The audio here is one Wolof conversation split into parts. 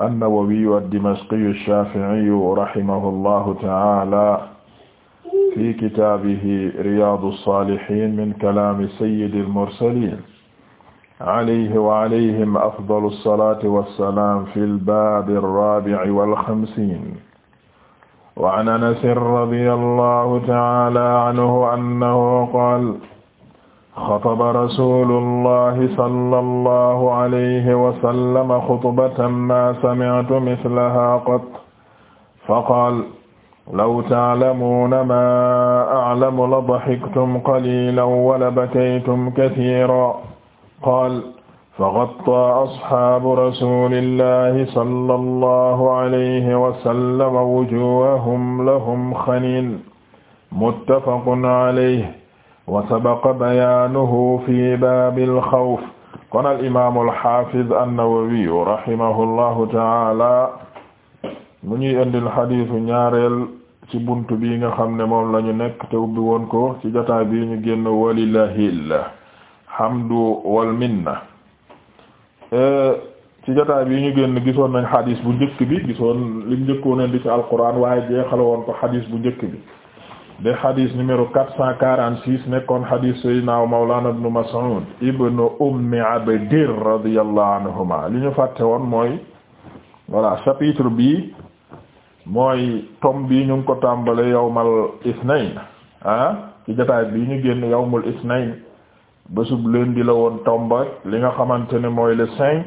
an-Nawawiyu ad-Dimashqiyu ash-Shafi'iyu rahimahullahu ta'ala fi kitaabihi Riyaadu s-Saalihiin min kalaami sayyidil mursaliin alayhi wa alayhim afdalu s-salaati wa s-salaam fil baabi r-raabi'i wal khamsiin wa 'an Anas radiyallahu ta'ala anhu annahu qaala xataba rasulullahi sallallahu alayhi wa sallam xutbatan ma sami'tu mislaha qat faqaal law ta'lamuuna ma a'lamu la dahiktum qaliilan wa la bakaytum kasiiran qaal fagattaa asxaabu rasuulillahi sallallahu alayhi wa sallam wujuuhahum lahum xaniin muttafaqun alayhi wa sabaqa bayaanuhu fi baabil xawf kon al imaamu al xaafiz an-Nawawi rahimahullahu mu ñuy indil xadiisu ñaareel ci buntu bi nga xam ne moom la ñu nekk te ubbi woon ko ci jotaay bi ñu génn walillahil hamdu wal e, ci jotaay bi ñu génn gisoon nañ xadiis bu njëkk bi gisoon li njëkkoon indi ci alquran waaye jeexal woon xadiis bu njëkk bi. de xadis numéro 446 nekkoon xadis sayyidina mawlana ibn Mas'ud ibn Ummi Abdir radiyallahu anhuma li ñu fàtte woon mooy voilà chapitre bi mooy tome bi ñu ngi ko tàmbale yawmal isnayn ah ci jotaay bi ñu génn yawmul isnayn bésub lundi la woon tombe li nga xamante ne mooy le cinq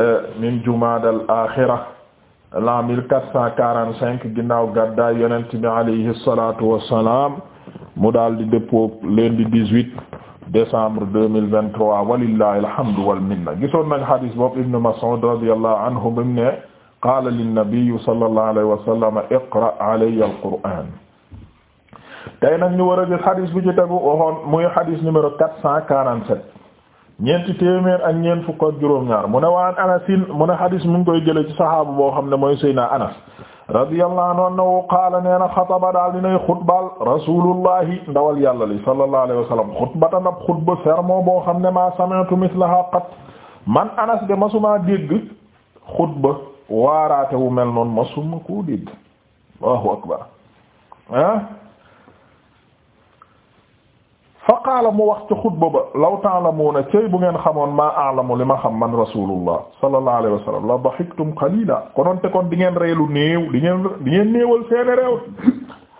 eh, min jumaadal axira l'an mille quatre cent quarante cinq ginnaaw gàddaay yonent bi alayhi salatu wassalam mu daal di dëppoo lundi dix-huit décembre deux mille vingt-trois walillahi alhamdu wal minna gisoon anhu mu ne qaala linnabiyu sallallahu alayhi wa sallam iqra alayya alquran tey nag ñu war a gis hadis ñeenti téeméer ak ñeent fukk juróom-ñaar mu ne waan anasin mu ne hadis mu ngi koy jële ci sahaaba boo xam ne mooy Seydina Anas radiyallahu anhu annahu qaala nee na xataba daal dinay xutbaal rasulullahi ndawal yàlla li sallallahu alayhi wa sallam xutba sermon boo xam ne maa sami'tu mislaha qat man Anas de masuma dégg xutba waaraate wu mel noonu masuma koo dégg Allahu akbar ah fa qaala mu wax ca xutba ba law ta'lamuuna cey bu ngeen xamoon maa a'lamu li ma xam man rasulullah sallallahu alayhi wa sallam la dahiktum qalila konoon te kon di ngeen reelu néew di ngeen di ngeen néewal seeni reew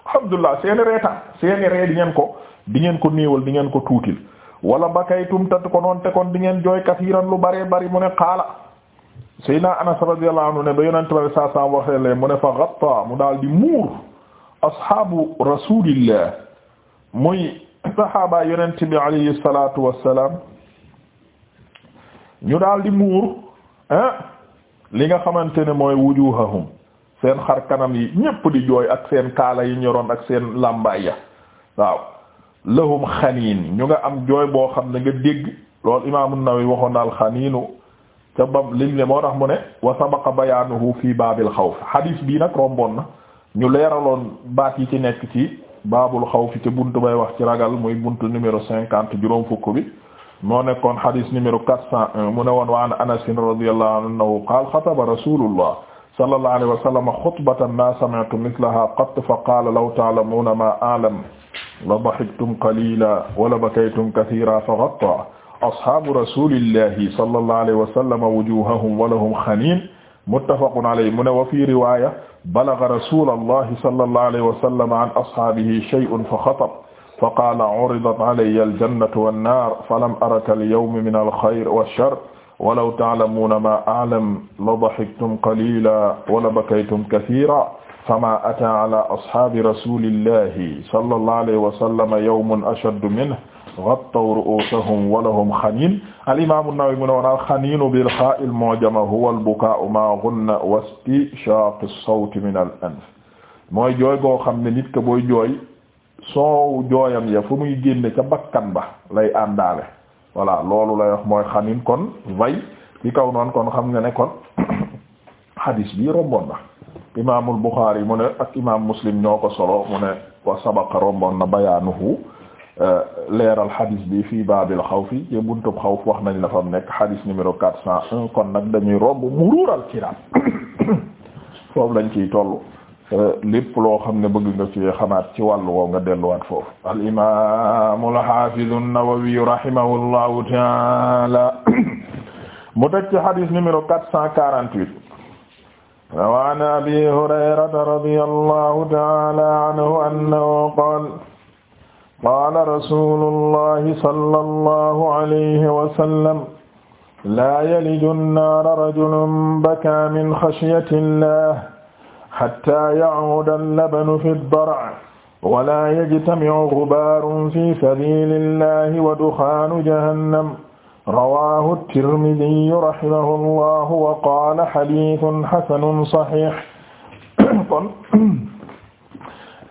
alhamdulillah seeni reetaan seeni ree di ngeen ko di ngeen ko néewal di ngeen ko tuutil wala bakaytum tat ko noon kon di ngeen jooy kasiiran lu bëree bari mu ne qaala sayyidina anas radiyallahu anhu ne ba yonente bari saa sam mu ne fa gatta mu daal di muur ashaabu rasulillah muy saxaaba yonent bi alayhi salaatu wassalaam ñu daal di muur ah li nga xamante ne mooy wujuhahum seen xar kanam yi ñépp di jooy ak seen kaala yi ñoroon ak seen làmbaay ya waaw lahum xaniin ñu nga am jooy boo xam ne nga dégg loolu imaam an-Nawawi waxoon na alxaniinu ca bab liñ le moo tax mu ne wa sabaqa bayaanuhu fi baabil xawf xadiis bii nag romboon na ñu leeraloon baat yi ci nekk ci baabul xawfi ci buntu bay wax ci ragal muy buntu numéro cinquante juróom fukk bi moo nekkoon xadis numéro quatre cent un mu ne woon wa an Anas radiyallahu anhu qaala xataba rasulullah sallallahu alayhi wa sallam xutbatan ma sami'tu mislaha qatt fa qaala law ta'lamuuna ma a'lam la dahiktum qalilan wa la bakaytum kathiran fa ghatta ashaabu rasulillahi sallallahu alayhi wa sallam wujuhahum wa lahum xaniin muttafaqun alayhi mu ne wa fi riwaya balagha rasulallahi sallallahu alayhi wa sallam an ashaabihi shay'un fa xataba fa qaala uridat alayya aljannatu wannaar falam araka alyawma min alxayri walshar walaw ta'lamuuna maa a'lam la dahiktum qaliilan wa la bakaytum kathiiran famaa ataa ala ashaabi rasuulillahi sallallahu alayhi wa sallam yawmun ashaddu minhu ghattaw ru'uusahum wa lahum xaniin al-imaam an mu ne woon al bil-xaa'i al-mu'jama huwa al-bukaa'u maa ghunna wa sawti min al-anf mooy jooy goo xam ne nit ka booy jooy soow jooyam ya fu muy génne ca bakkan ba lay àndaale voilà loolu lay wax mooy xaniin kon vay ci kaw noonu kon xam nga ne kon xadiis bi romboon na imaamul mu ne ak imaam Muslim ñoo solo mu ne wa sabaqa romboon bayaanuhu Euh, leeral xadis bi fii baabil xawfi ci buntub xawf wax nañ la fa mu nekk xadis numéro quatre cent un kon nag dañuy romb muruural kiraam foofu lañ ciy toll euh, lépp loo xam ne bëgg nga ci xamaat ci wàllu woow nga delluwaat foofu al imaamu al xaafidu an-Nawawi rahimahullahu taala mu teg ci xadis quatre cent quarante-huit wa an abi hurayrata radiyallahu taala anhu annahu qaala qaala rasuulullahi sallallahu alayhi wa sallam laa yaliju nnaara rajulun bakaa min xashyati llah xattaa yacuuda allabanu fi ddar' wa laa yajtamicu gubaarun fi sabiili llahi wa duxaanu jahannam rawaahu ttirmidiyu rahimahu llahu wa qaala xadiisun xasanun saxiix kon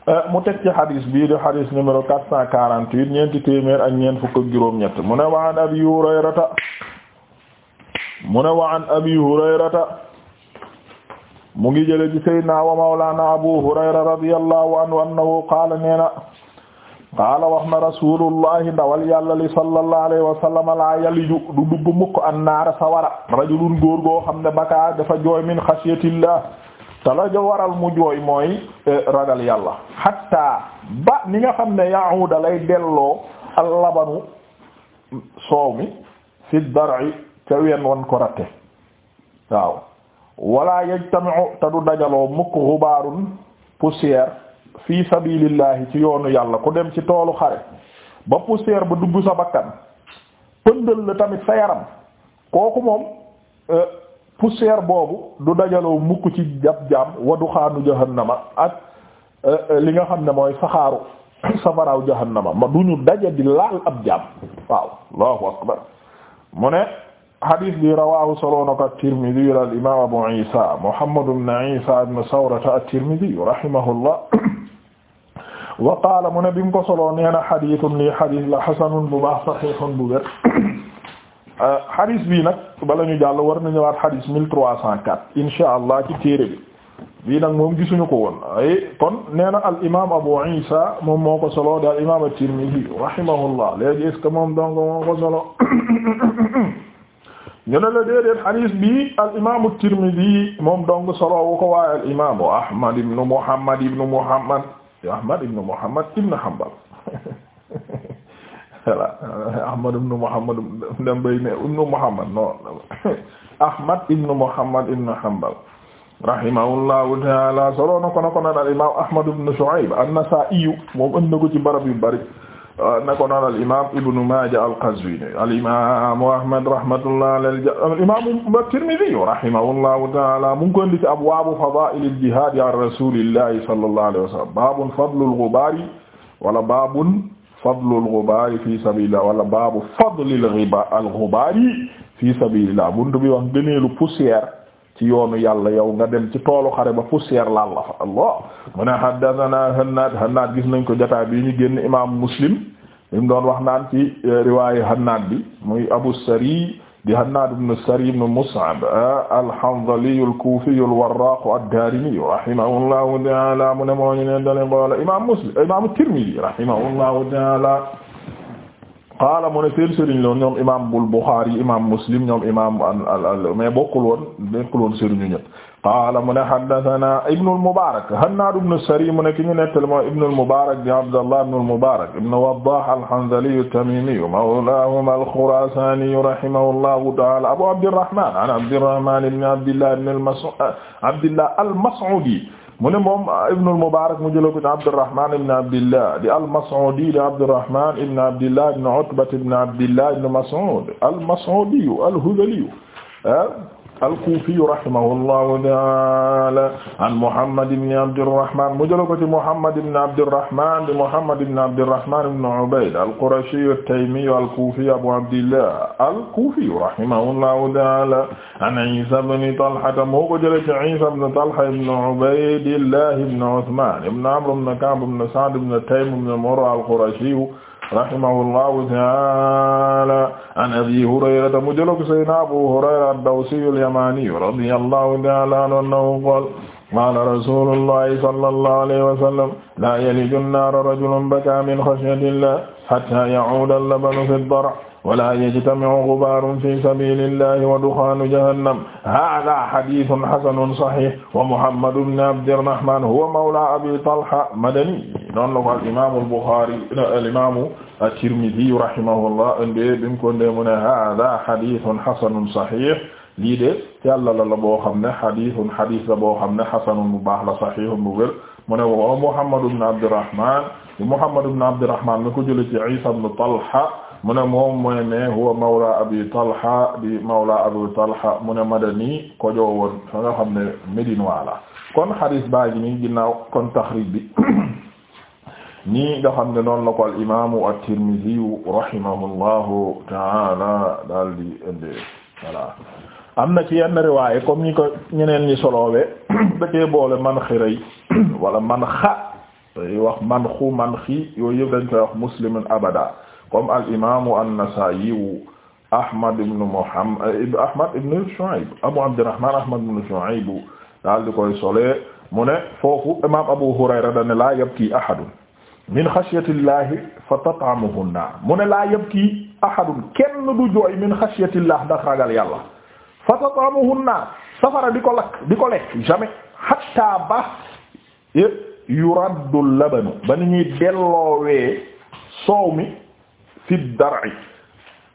Euh, mu teg ci xadis bii di xadis numéro 448 ñeenti téeméer ak ñeent fukk ak juróom-ñett mu ne wa abi hurayrata mu ne wa abi hurayrata mu ngi jële ci sayyidina wa mawlana abu hurayra radiyallahu anhu annahu qaala neena qaala wax na rasulullahi ndawal yàlla li sallallahu alayhi wa laa yaliju du dugg mukk an sawara rajulun góor goo xam ne bakaa dafa jooy min xasyatillah te la ja waral mu jooy mooy e, ragal yàlla hatta ba ni nga xam ne yahuda lay delloo al labanu soow mi fi dar'i ca ween wan ko ratte waaw wala yajtami'u te du dajaloo mukk xubaarun poussière fi sabilillahi ci yoonu yàlla ku dem ci toolu xare ba poussière ba dugg sa bakkan pëndal la tamit sa yaram kooku moom e, poussière boobu du dajaloo mukk ci jab jaam wa duxaanu jahannama ak euh, li nga xam ne mooy saxaaru safaraaw jahannama ma du ñu daja di laal ab jaam waaw allahu akbar mu ne hadith bi rawahu soloona ko at-Tirmidhi al imam Abu Isa Muhammad ibn Isa ibn Sawrata at-Tirmidhi rahimahullah wa qaala mu ne bi mu ko soloo nee li hadith la hasanun bu baax sahihun bu wér a euh, xadis bii nag bala ñu jàll war na ñëwaat xadis mille trois cent quatre insha allah ci téere bi bii nag moom gisuñu ko woon ay kon nee na al imam Abu Isa moom moo ko solo da al imam at-Tirmidhi rahimahullah léegi est moom donc moo ko solo ñu la déedéet xadis bi al imam at-Tirmidhi moom donc solo wu ko waaye al imam Ahmad ibn Muhammad ibn Muhammad ibn Muhammad voilà euh, Ahmad ibn Muhammad dambay ne ibn Muhammad non Ahmad ibn Muhammad ibn Hanbal rahimahullahu taala solo na ko na ko naan al imaam Ahmad ibn Shu'ayb an-Nasa'i moom ënd na ko ci barab yu bari euh, na ko naan al imaam Ibn Maaja al-Qazwini al imaamu Ahmad rahmatullah alayhi al imaamu at-Tirmidhi rahimahullahu taala mu ngi ko indi ci abwaabu fadaa'ilil jihaad an rasuulillahi sallallahu alayhi wa sallam baabun fadlul ghubaari wala baabun fadlul ghubaari fi sabilillah wala baabu fadlil riba al ghubaari fi sabilillah buntu bi wax gëneelu poussière ci yoonu yàlla yow nga dem ci toolu xare ba poussière laal la fa allah mu ne haddathana hannaad hannaad gis nañ ko jotaay bi ñu génn imam muslim li mu doon wax naan ci eh, riwaayu hannaad bi muy abu sari di Hannaad ibn Sari ibn Mus'ab al-Hanzali al-Kufi al-Warraq ad-Darimi rahimahullahu ta'ala mu ne moo ñu ne dale qaala imam Muslim imam Tirmidhi rahimahullahu ta'ala qaala mu ne seen sëriñ loon ñoom imam al-Bukhari imam Muslim ñoom imam al al mais bokkul woon nekkul woon sëriñu ñëpp qaala mu ne haddathana Ibn al-Mubarak Hannaad ibn as-Sari mu ne ki ñu nettali mooy Ibn al-Mubarak di Abdallah ibn al-Mubarak ibn Waddah al-Hanzali at-Tamimi mawlaahum al-Khurasani rahimahullahu ta'ala Abu Abdirrahman an Abdirrahman ibn Abdillah ibn al-Mas'ud Abdillah al-Mas'udi mu ne moom Ibn al-Mubarak mu jëloon ko Abdirrahman ibn Abdillah di al-Mas'udi di Abdirrahman ibn Abdillah ibn Utba ibn Abdillah ibn Mas'ud al-Mas'udi al-Hudhali ah. al-Kufi rahimahullahu ta'ala an Muhammad ibn Abdirrahman mu jël ko ci Muhammad ibn Abdirrahman di Muhammad ibn Abdirrahman ibn Ubayd al-Qurashi at-Taymi al-Kufi Abu Abdillah al-Kufi rahimahullahu ta'ala an Isa ibn Talha moo ko jël ci Isa ibn Talha ibn Ubaydillah ibn Uthman ibn Amr ibn Ka'b ibn Sa'd ibn Taym ibn Murra al-Qurashi rahimahullahu taala an abi hurayrata mu jëla ko sayyidina abu hurayra ad-dawsi al-yamani radiyallahu taala anhu qala qala rasulullahi sallallahu alayhi wa sallam la yaliju an-nara rajulun baka min khashyatillah hatta ya'uda al-labanu fi ad-dar' wala yajtami'u gubaarun fi sabiilillahi wa duxaanu jahannam haaza hadiisun hasanun sahiih wa muhammadu bnu abdirrahmaan huwa mawlaa abii talha madani noonu la ko al imaamu al Buxaari al imaamu at-Tirmidi rahimahullah indee bi mu ko indee mu ne haaza hadiisun hasanun sahiih lii de yàlla la la boo xam ne hadiisun hadiis la boo xam ne hasanun bu baax la sahiihun bu wér mu ne wa Muhammad ibn Abdirrahmaan Muhammad ibn Abdirrahmaan mi ko jëlee ci Iisaa ibn Talha mu ne moom mooy ne huwa mawla abi Talha di mawla abi Talha mu ne madani ko joowoon fa nga xam ne médinois la kon hadiis baa ngi nii ginnaaw kon taxriij bi nii nga xam ne noonu la ko al imaamu at-Tirmidhi rahimahullahu taala daal am na ci yenn riwaaye comme ñi ko ñeneen ñi soloowe da cee boole man xiray wala man xa wax man xu man xi yooyu yëpp dañ koy wax muslimun abada comme al imaamu an-Nasaa'i Ahmad ibn Muhammad eh, Ahmad ibn Shu'ayb Abu Abdurrahman Ahmad Abu Hurayra da ne laa yabki ahadun min xashyati llahi fa tat'amuhu an-naar mu ne laa yabki ahadun kenn du jooy min xashyati llah ragal yàlla fa tat'amuhu an safara di ko lakk di ko lekk jamais hatta ba yuraddu labanu ba ni ñuy delloowee soow mi fi dar'i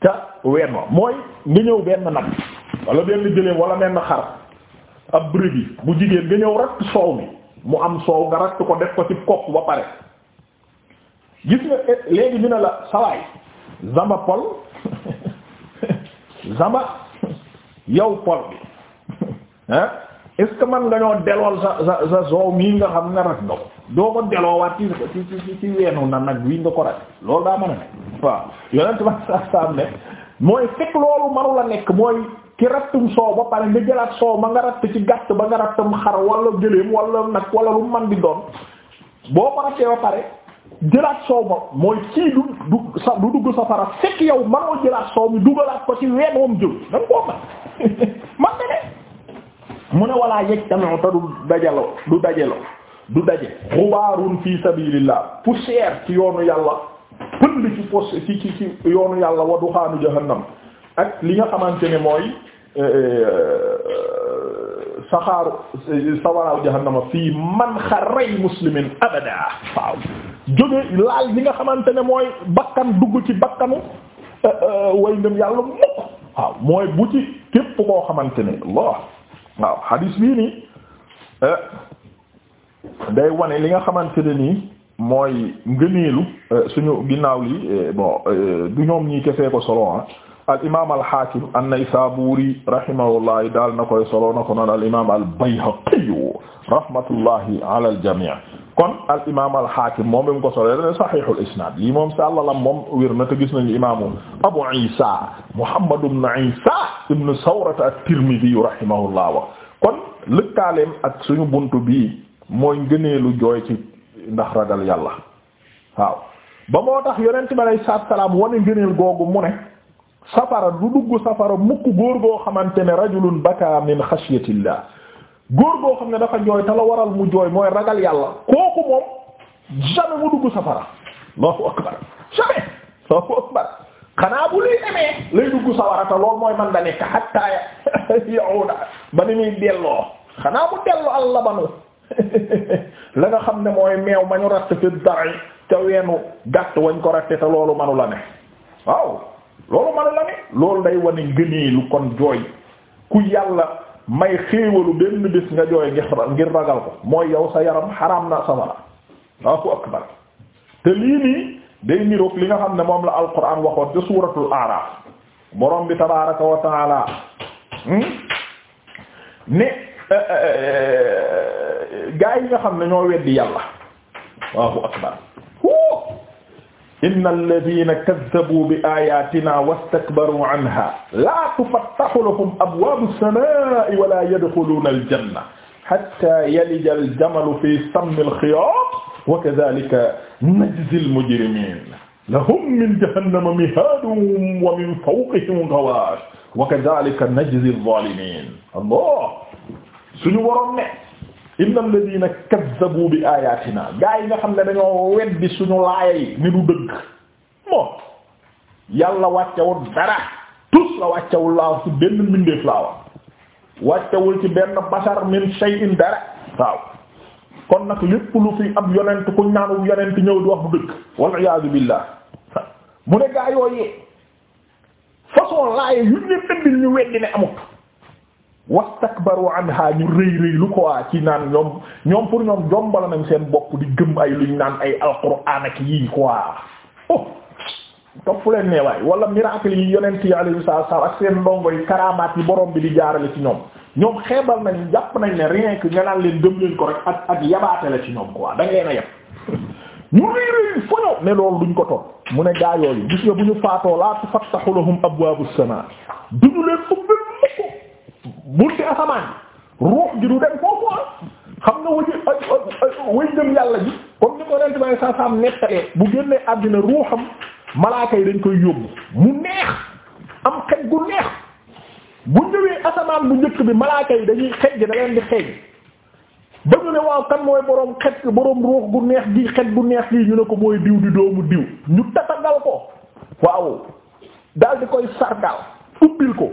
ca ween wa mooy nga ñëw benn nag wala benn jëleem wala benn xar ab brebis bu jigéen nga ñëw ratt soow mi mu am soow nga ratt ko def ko ci kopp ba pare gis nga eh, léegi ñu ne la sawaay zama pol zama yow pol bi ah est-ce que man nga ñoo delool sa sa soow mii nga xam nga rak nga ko doo ko deloowaat ci ci ci ci weenu na nag wi nga ko rak loolu daa mën a nekk waaw yonent ma mooy fekk loolu manu la nekk mooy ki rattum soow ba pare nga jëlaat soow ma nga ratt ci gàtt ba nga rattum xar wala gëléem wala nag wala lu man di doon boo ko rattee ba pare jëlaat soow ma mooy kii du dugg safara fekk yow manoo jëlaat soow mi dugalaat ko ci ween wam jël da koo man man ne ne mu ne walaa yëg tamit te du daje la du daje xubaarun fi sabilillah poussière ci yoonu yàlla pënd ci pos ci ci ci yoonu yàlla wa duxaanu jahannam ak li nga xamante ne mooy euh, euh, saxaaru sawaraaw jahannama fii man xaray muslimin abada waaw jóge laal li nga xamante ne mooy bakkan dugg ci bakkanu eh, eh, way yàlla mukk waaw mooy bu ci képp koo xamante ne Allah waaw hadis bii nii eh, day wane li nga xamante ne nii mooy ngëneelu suñu ginnaaw li bon du ñoom ñii kefee ko solo ah al imaam al Haakim an-Naysaabuuri rahimahullah daal na koy solo na ko noonu al imaam al Bayhaqi rahmatullahi moom la ko solo dana saxiixul isnaad lii moom saa la moom wér na te gis nañu imaamu Abu Iisa Muhammad ibn Iisa ibn Sawrata at-Tirmidi rahimahullah wa kon lëkkaaleem ak suñu buntu bii mooy ngëneelu jooy ci ndax ragal yàlla waaw ba moo tax yonent bi alayhi salaam wane ngëneel googu mu ne. safara du dugg safara mukk góor goo xamante ne rajulun baka min xashyatillah góor goo xam ne dafa jooy te la waral mu jooy mooy ragal yàlla kooku moom jamais mu dugg safara allahu akbar jamais akbar xanaa bu luy amee lay dugg safara te loolu mooy man da nekk hatta yauda ba ni muy delloo xanaa mu delloo allah banu la nga xam ne mooy meew ma ñu ratt fi dara ca weenu gàtt wañ ko ratte te loolu manu la ne waaw loolu mën la ne loolu day wane ngëneelu kon jooy ku yàlla may xéewalu benn bis nga jooy ngir ragal ko mooy yow sa yaram xaraam na safara Allahu akbar te lii nii day niroog li nga xam ne moom la alquran waxoon te suuratul aaraaf borom bi tabaaraka wa hmm? ne eh, eh, eh, gaa yi nga xam ne ñoo weddi yàlla Allahu akbar inna alladina kaddabu bi ayatina wastakbaru anha la tufattahu lahum abwaabu samaa'i wala yadxuluuna aljanna hatta yalija aljamalu fi sammi alxiyaat wa kadhalika najzi almujrimiin lahum min jahannama mihaadun wa min fawqihim ghawaash wa kadhalika najzi alzaalimiin allah suñu waroon ne inna alladhina kazzabu bi ayatina gaa yi nga xam ne dañoo weddi suñu laaya yi ni du dëgg moom yàlla wàccewul dara tus la wàccewul laa ci benn mbindeef laa wax wàccewul ci benn basar min shay'in dara waaw kon nag lépp lu fi am yonent ku ñaanu yonent ñëw di wax bu dëgg wal iyaadu billah mu ne gaa yooyee façon laaya yu ñu leen ñu weddi ne amut wastakbaru anha ñu rëy rëy lu ko waa ci naan ñoom ñoom pour ñoom jombal nañ seen bopp di gëm ay luñ naan ay alquran ak yii quoi oh topp leen nee waay wala miracle yi yonent yi alayhi salaam ak seen ndongo yi karamaat yi borom bi di jaarale ci ñoom ñoom xeebal nañ jàpp nañ ne rien que nga naan leen gëm leen ko rek ak ak yabaate la ci ñoom quoi da nga a yab ñu rëy rëy fo ñëw ne loolu duñ ko topp mu ne gaa yooyu gis nga bu ñu faatoo laa tufattahu lahum abwaabu samaa duñu leen bunti asamaan bi ruux gi du dem foofu ah. xam nga wëj wëj dem yàlla ji comme ni ko rent bay sa sam nettalee bu génnee àddina ruuxam malaaka yi dañ koy yóbbu mu neex am xej gu neex bu ñëwee asamaan bu njëkk bi malaaka yi dañuy xet da leen di xej ba ñu ne waaw kan mooy boroom xet boroom ruux gu neex gi xet gu neex gi ñu ne ko mooy diw di doomu diw ñu tatagal ko waaw daal di koy sargal ubbil ko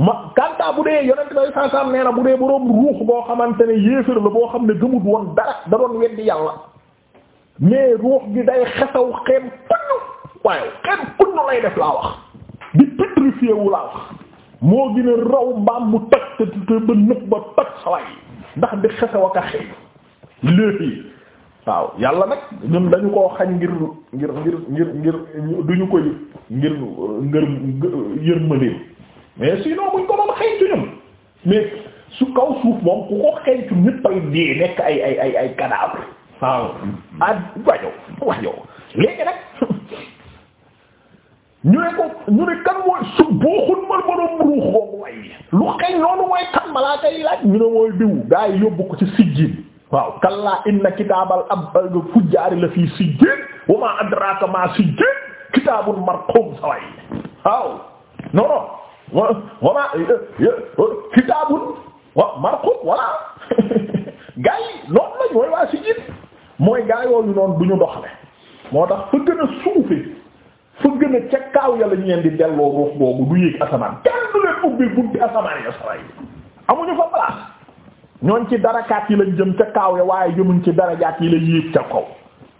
ma kanta bu dee yonent bay sansam nee na bu dee boroom ruux boo xamante ne yéefér la boo xam ne gëmut woon dara da doon weddi yàlla mais ruux gi day xesaw xeem kunnu waaye xeem kunnu lay def laa wax di pétrifié laa wax moo gën a raw mbaam mu toj te te ba nëb ba toj saway ndax di xesaw ak léegi waaw yàlla nag ñun dañu ko xañ ngir ngir ngir ngir ngir duñu ko ngir ngër yërmandeem mais sinon buñ ko doon xëytu ñun mais su kaw suuf moom ku ko xëytu ñépp ay dee nekk ay ay ay ay cadavre waaw ah wajo wajo léegi nag ñu ne ko ñu ne kan mooy su booxun mal borom ruux boobu way lu xëy noonu mooy kan balaa laaj ñu ne mooy diw gaa yóbbu ko ci sijjin waaw kallaa inna kitaabal ab fujjaari la fii sijjin ma waaw non wama eh, eh, eh, kitaabun wa marqum voilà gaa yi noonu lañ waa si jit mooy gaa yooyu noonu du ñu doxle moo tax fa gën a suufe fa gën a ca kaaw ya lañ leen di delloo ruux boobu du yéeg asamaan kenn du ubbi bunti asamaan ya saray amuñu fa place ñooñ ci darakaat yi lañ jëm ca kaaw ya waaye jëmuñ ci darajaat yi la yéeg ca kaw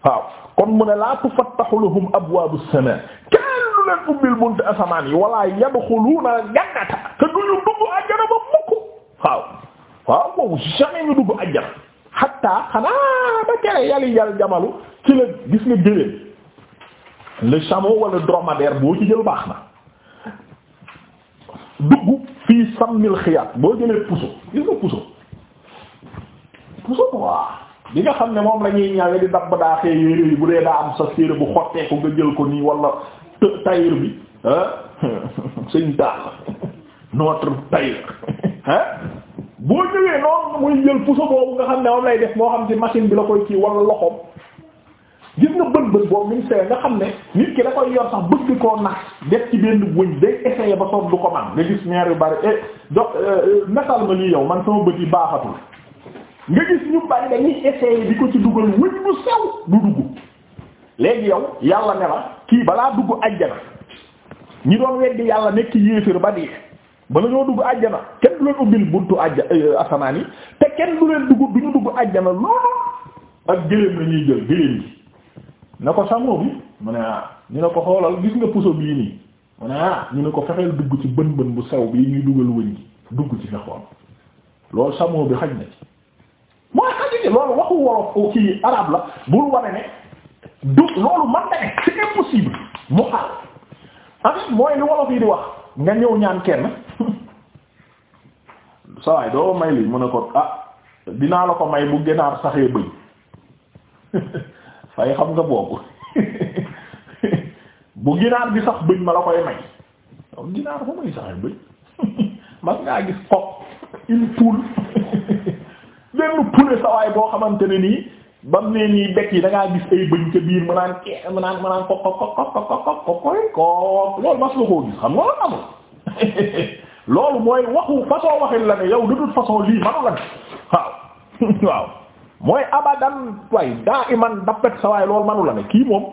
waaw kon mu ne laa tufattahu lahum abwaabu samaa du leen ubbil buntu asamaan yi wala yadxuluuna jannata te duñu dugg àjjana ba mukk waaw waaw boobu jamais ñu dugg àjjana hatta xanaa ba kere yali yal jamalu ci la gis nga gëléem le chameau wala dromadaire boo ci jël baax na dugg fii sammil xiyaat boo jëlee puso gis nga puso puso quoi bi nga xam ne moom lañuy ñuy di dabb daa xee yére yi bu dee daa am sa séeré bu xotteeku nga jël ko nii wala tailleur bi ah sëñ taal notre tailleur ah boo ñëwee noonu muy jël puso boobu nga xam ne moom lay def moo xam ci machine bi la koy kii wala loxoom gis nga bët bët boobu mi nga xam ne nit ki da koy yor sax bëgg koo nax def ci benn wëñ day essayer ba soog du ko man nga gis maire yu bari eh jox euh, natal ma lii yow man sama bët yi baaxatul nga gis ñu bari dañuy essayer di ko ci dugal wëñ bu sew du dugg. léegi yow yàlla ne la kii balaa dugg ajjana ñi doon weddi yàlla nekk yéefér ba dee bala ñoo dugg ajjana kenn du leen ubbil buntu ajja euh, te kenn du leen dugg dugg ajjana loolu ak gëléem la ñuy jël gëléem gi na ko sangoo bi mu ne ah ñu ne ko xoolal gis nga puso bii nii mu ne ah ñu ne ko fexeel dugg ci bën bën bu sew bii ñuy dugal wëñ gi dugg ci nga xool loolu samoo bi xaj na ci mooy xaj ci loolu waxu wolof kii arab la bul wane ne du loolu man da ne c'est impossible mu xaal amit mooy li wolof yi di wax nga ñëw ñaan kenn sawaay doo may li mu ne ko ah dinaa la ko may bu gënaar saxee bëñ fay xam nga boobu bu ginaar bi sax bëñ ma la koy may ginaar fa muy saxee bëñ mas ngaa gis xob une poule benn sawaay boo xamante ne nii ba mu ne nii bekk yi dangaa gis ay bëñ ca biir mu naan kee mu loolu mas nga koo gis xam nga loolu amul loolu mooy waxu façon waxin la ne yow de lii manu la ne waaw waaw mooy abadan waaye dappet sa waaye loolu manu la ne kii moom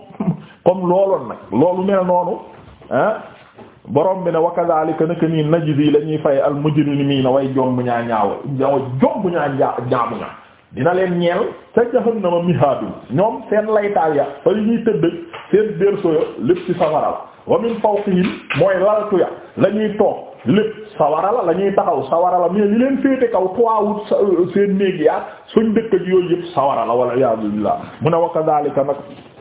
comme looloon nag loolu mel noonu ah borom bi ne wa kadhalika naka nii najzi la ñuy fay al mujrimiina way jomb ñaa ñaaw ñaaw jomb ñaa ñaa ñaamu ñaa dina leen ñeel ca jahannama mihaadu ñoom seen laytaal ya fa li ñuy tëdd seen berceau ya lépp ci safara la wa min fawqihim mooy laltu ya la ñuy toog lépp sawara la la ñuy taxaw sawara la mais li leen féete kaw toawut euh, seen néeg yaa suñ dëkk ji yooyu yëpp sawara la wal iyaadu billah mu a wa kadhalika nag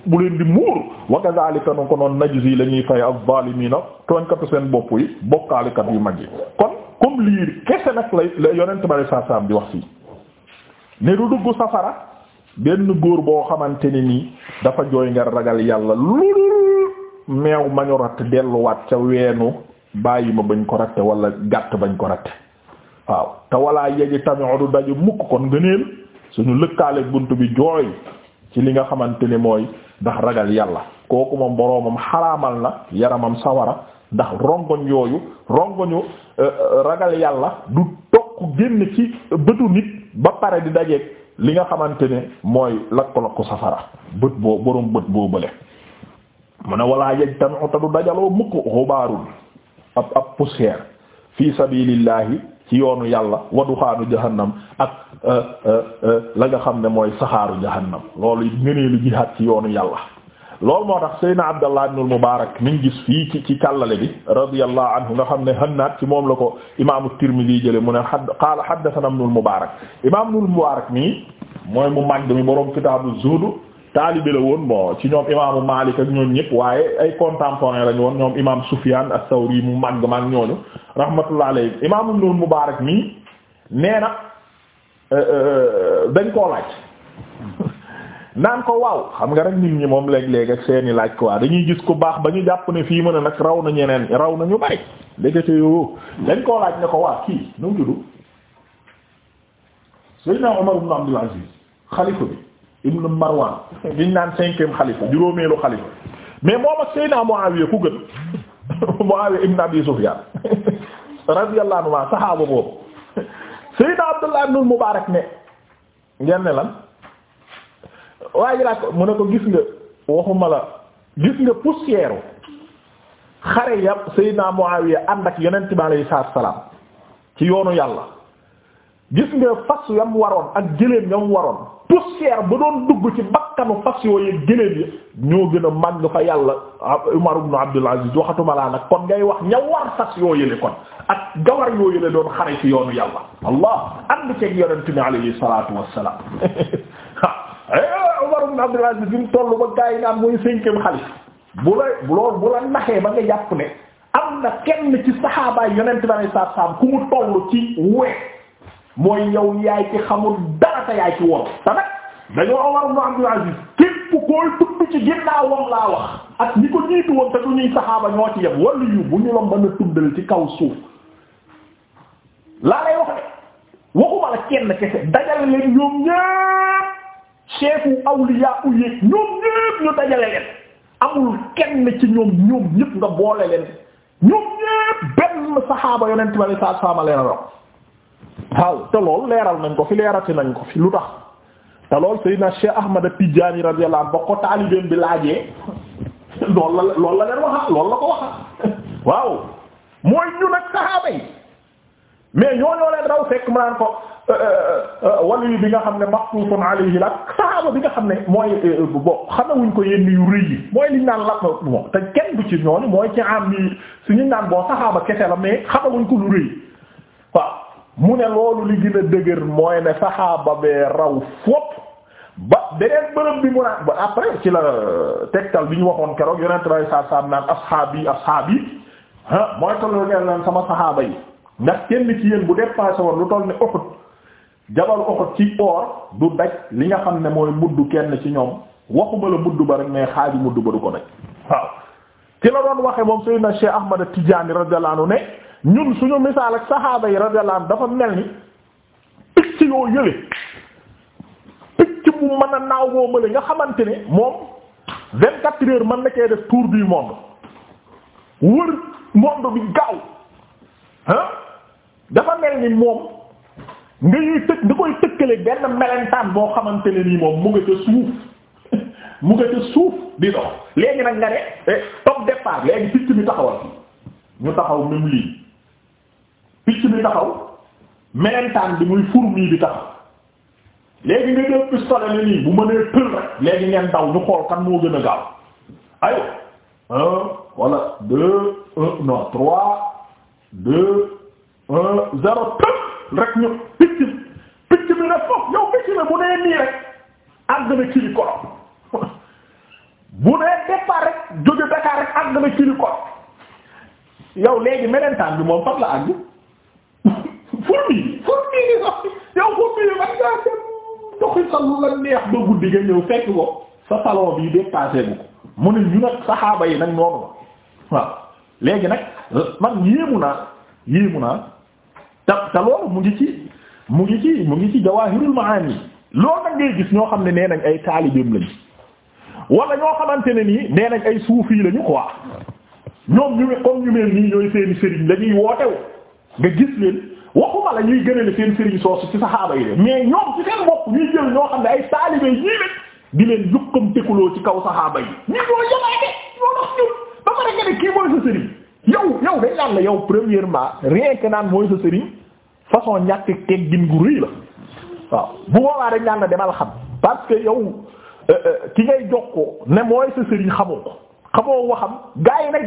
bu leen di muur wa kadhalika nu ko noon najzi la ñuy fay az-zaalimiina tooñkatu seen bopp yi bokkaalikat yu mag yi kon comme lii kese nag lay yonent wax ne du dugg safara benn góor boo xamante ne nii dafa jooy nga ragal yàlla lu meew ma delluwaat ca weenu bàyyi ma bañ ko ratte wala gàtt bañ ko ratte waaw te walaa yeji tamit du daju mukk kon ngëneel suñu lëkkaale bunt bi jooy ci li nga xamante ni mooy ndax ragal yàlla kooku moom boroomam xaraamal na yaramam sawara ndax rongoñ yooyu rongoñu euh, euh, ragal yàlla du tokk génn ci bëtu nit ba pare di dajeeg li nga xamante ne mooy lakk-lakku safara bët boo borom bët boo bële mu ne walaa yej tamit te du dajaloo mukk xubaarul ab ab poussière fi sabilillahi ci yoonu yàlla waduxaanu jahannam ak euh, euh, euh, la nga xam ne mooy saxaaru jahannam loolu ngëneelu jihaad ci yoonu yàlla loolu moo tax Seydina Abdallah ibn al-Mubarak mi ngi fii ci ci bi radiyallahu anhu nga xam ne Hannaad ci moom la ko imaamu Tirmidhi jëlee mu ne xad qaala haddathana ibn al-Mubarak imaam ibn al-Mubarak mi mooy mu màgg mi borom kitaabu zuhd taalibe la woon bon ci ñoom imaamu Maalik ak ñooñu ñëpp waaye ay contemporain lañu woon ñoom imaam Sufyaan as-Sawri mu màgg ma ak ñooñu rahmatullahi alayhi imaam ibn al-Mubarak mi nee na euh, euh, dañ koo laaj. naan ko waaw xam nga rek nit ñi moom léeg-léeg ak seeni laaj quoi dañuy gis ku baax ba ñu jàpp ne fii mën a nag raw na ñeneen raw na ñu bari ndekete yoo dañ koo laaj ne ko waa kii nu mu tudd Seydina Umar ibn Abdul Aziz xalifa bi ibn Marwan giñ naan cinquième xalifa juróomeelu xalifa mais moom ak Seydina Muawiya ku gën Muawiya ibn Abi Sufyan radiyallahu anhu saxaaba boobu Seydina Abdullah ibn Mubarak ne ngeen ne waaye laa mu ne ko gis nga waxuma la gis nga poussière xare ya Seydina Muawiya ànd ak yonent bi alayhi salaam ci yoonu yàlla gis nga fas yam waroon ak gëléem yam waroon poussière ba doon dugg ci bakkanu fas yooyu gëléem yi ñoo gën a màgg fa yàlla ah, Umar ibn Abdul Aziz waxatuma laa nag kon ngay wax ña war fas yooyu le kon ak gawar yooyu le doon xare ci yoonu yàlla allah ànd ceeg yonent bi alayhi salaatu wassalaam Abdul Aziz bi mu toll ba gaa yi naan mooy cinquième xalif bu la loolu bu la naxee ba nga jàpp ne am na kenn ci saxaabaay yonent bi alayhi salaatu salaam ku mu toll ci we mooy yow yaay ci xamul dara te yaay ci wor te nag dañoo Omar ibn Abdul Aziz képp kooy tudd ci ginnaawam laa wax ak ñi ko jiitu woon te du ñuy ci a kaw suuf laa lay wax de waxuma la kenn kese dajal leen ñoom ñëpp chefu awliya u yéeg ñoom ñépp ñu dajale leen amul kenn ci ñoom ñoom ñépp nga boole leen ñoom ñépp benn saxaaba yonent bi sallallahu alayhi wasallam leeral waaw te loolu leeral nañ ko fi leerati nañ ko fi lu tax te lool Seydina Cheikh Ahmad Tidiane radiyallahu anhu ba ko taalibeem bi laajee loolu la loolu la leen waxa loolu la ko waxa waaw mooy ñu nag saxaaba yi mais ñoo ñoo leen raw fekk mu naan ko euh, euh, euh, waliyu bi nga xam ne maxtuufun alayhi la saaba bi nga xam ne mooy bo xamewuñ ko yenn yu rëy yi mooy liñ naan la moom te kenn du ci ñooñu mooy ci am ni suñu naan boo saxaaba kese la mais xamewuñ ko lu rëy waaw mu ne loolu li gën a dëgër mooy ne saxaaba bee raw fopp ba beneen bërëb bi mu naan ba après ci la tegtal bi ñu waxoon keroog yonent bay saab saab naan ashaabi ashaabi ha ah, mooy tollu ngeen leen yi ndax kenn ci yéen bu def woon lu toll ne Uhud jabal Uhud ci or du daj li nga xam ne mooy mudd kenn ci ñoom waxuma la mudd ba rek mais xaaju mudd ba du ko daj waaw ci la doon waxee moom Seydina Cheikh Ahmad Tidiane radiyallahu anhu ne ñun suñu misaal ak saxaaba yi radiyallahu dafa mel ni picc yoo yële picc bu mën a naaw boo mële nga xamante ne moom vingt-quatre heures mën na koy def tour du monde wër monde bi gaaw dafa mel ni moom nga ñuy tëkk nga koy tëkkale benn melentaan boo xamante ne nii moom mu nga ca suuf mu suuf di dox léegi nag nga ne eh, top départ léegi picc mi taxawal ñu taxaw même lii picc mi taxaw melentaan bi muy fourmi di taxaw léegi nga jël pistolet nii bu mënee tël rek léegi ngeen daw ñu xool kan moo gën a gaaw ayo un deux un trois deux Euh, zéro rek ñu picc picc bi ne foofu yow picc bi bu nee nii rek àgg na kili koro bu nee départ rek jóge Dakar rek àgg na kili koro yow léegi melentaan bi moom fan la àgg fourmi fourmi ni sax yow fourmi ni man ngaa neex ba guddi nga ñëw fekk saxaaba yi nag noonu la waaw léegi nag man yéemu naa yéemu naa te te mu ngi ci mu ngi ci mu ngi ci jawahirul maani loolu nag ngay gis ñoo xam ne nee nañ ay taalibeem lañu wala ñoo xamante ne nii nee nañ ay suufi lañu quoi ñoom ñu comme ñu mel nii ñooy seeni sëriñ dañuy wootew nga gis leen waxuma la ñuy gënale seen sëriñ soosu ci saxaaba yi de mais ñoom ci seen bopp ñuy jël ñoo xam ne ay taalibe ñii nag di leen jukkam tekuloo ci kaw saxaaba yi ñi ñoo yamaate ñoo dox ñun ba pare nga ne kii mooy sa yow yow dañ naan la yow premièrement rien bu boobaa dañ naan la demal parce que yow euh, euh, ki ngay jokkoo ne mooy sa sëriñ xamoo ko xamoo laa di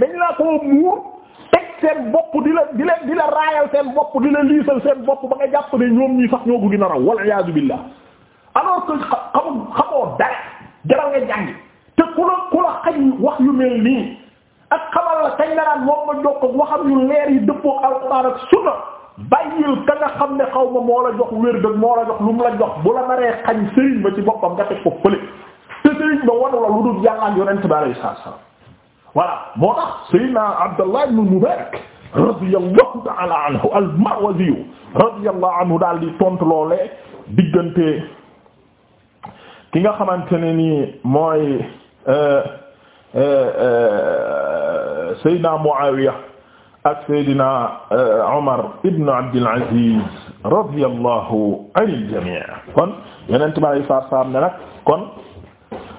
la di la di la raayal seen bopp di la liisal seen bopp ba nga a jàngi te ku la ku la xañ wax yu mel nii ak xamal la kañ la daan moom ma jokkoog waxam yu leer yi dëppoo ak alxuraan ak sunna bàyyil ka nga xam ne xaw ma moo la jox wér dëgg moo la jox lu mu la jox bu la naree xañ sëriñ ba ci boppam nga ko fële te sëriñ ba wanu la lu dul yàlla ak yonent bi alayhi salaam voilà moo tax Seydina Abdallah ibn Mubarak radiyallahu ta'ala anhu al-Marwazi radiyallahu anhu daal di tontu loolee diggante ki nga xamante ne nii mooy. Euh, Euh, euh, Seydina Muawiya ak Seydina euh, Omar ibn Abdul Aziz radiyallahu anil jamii kon yeneen tubaab yi saa saa ne nag kon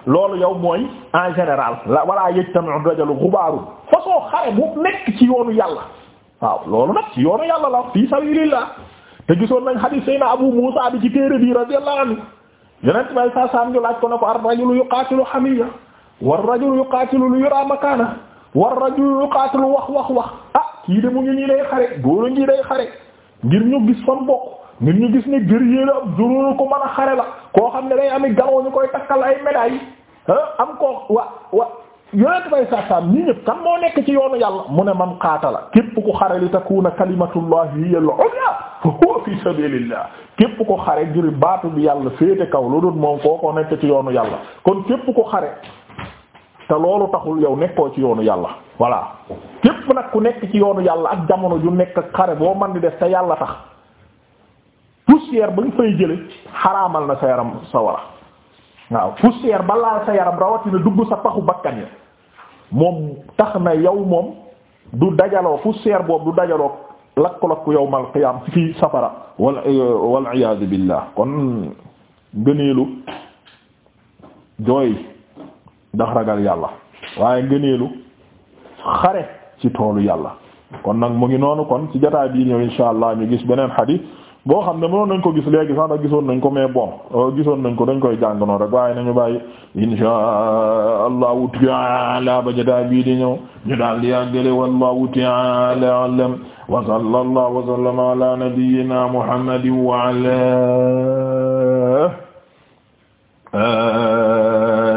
loolu yow mooy en général la wala yajtami'u rajalu gubaaru façon xare bu nekk ci yoonu yàlla waaw loolu nag ci yoonu yàlla la fi sabilillah te gisoon nañ hadith Seydina Abu Musa bi ci téere bi radiyallahu anhu yeneen tubaab yi saa saa ñu laaj ko ne ko ar-rajulu yuqatilu hamiyya war rajul yuqaatilu lu yura makaana war rajul yuqaatilu wax wax wax ah kii de mu ngi nii day xare góor a ngi day xare ngir ñu gis fan bokk ngir ñu gis ne guerrier la ab juróomi ko mën a xare la koo xam ne day ami galon ñu koy takkal ay médailles ah, am koo wa wa yonent bay saasaam ñi ñëpp kan moo nekk ci yoonu yàlla mu ne man xaatala képp ku xare li takuna kalimatullahi hiya al-ulya fa huwa fi sabilillah képp ku xare ngir baatu bi yàlla féete kaw lu dul moom koo ko nekk ci yoonu yàlla kon képp te loolu taxul yow nekkoo ci yoonu yàlla voilà képp nag ku nekk ci yoonu yàlla ak jamono ju nekk xare boo man di def te yàlla tax poussière ba nga fay jële xaraamal na sa yaram sa wara waaw poussière ba sa yaram rawatina dugg sa paxu bakkan moom tax na yow moom du dajaloo poussière boobu du dajaloo lakku-lakku yawmal qiyaam fi safara wal wal iyaadu billah kon ngëneelu jooy ndax ragal yàlla waaye ngëneelu xare ci toolu yàlla kon nag mu ngi noonu kon ci jotaay bii ñëw insha allah ñu gis beneen xadiis boo xam ne mënoon nañ ko gis léegi sax gisoon nañ ko mais bon euh, gisoon nañ ko dañ koy jàng noonu rek waaye nañu bàyyi insha allahu taala ba jotaay bii di ñëw ñu daal di yàggale wallahu taala alam wa wa sallama ala nabiyyina muhammadin wa ala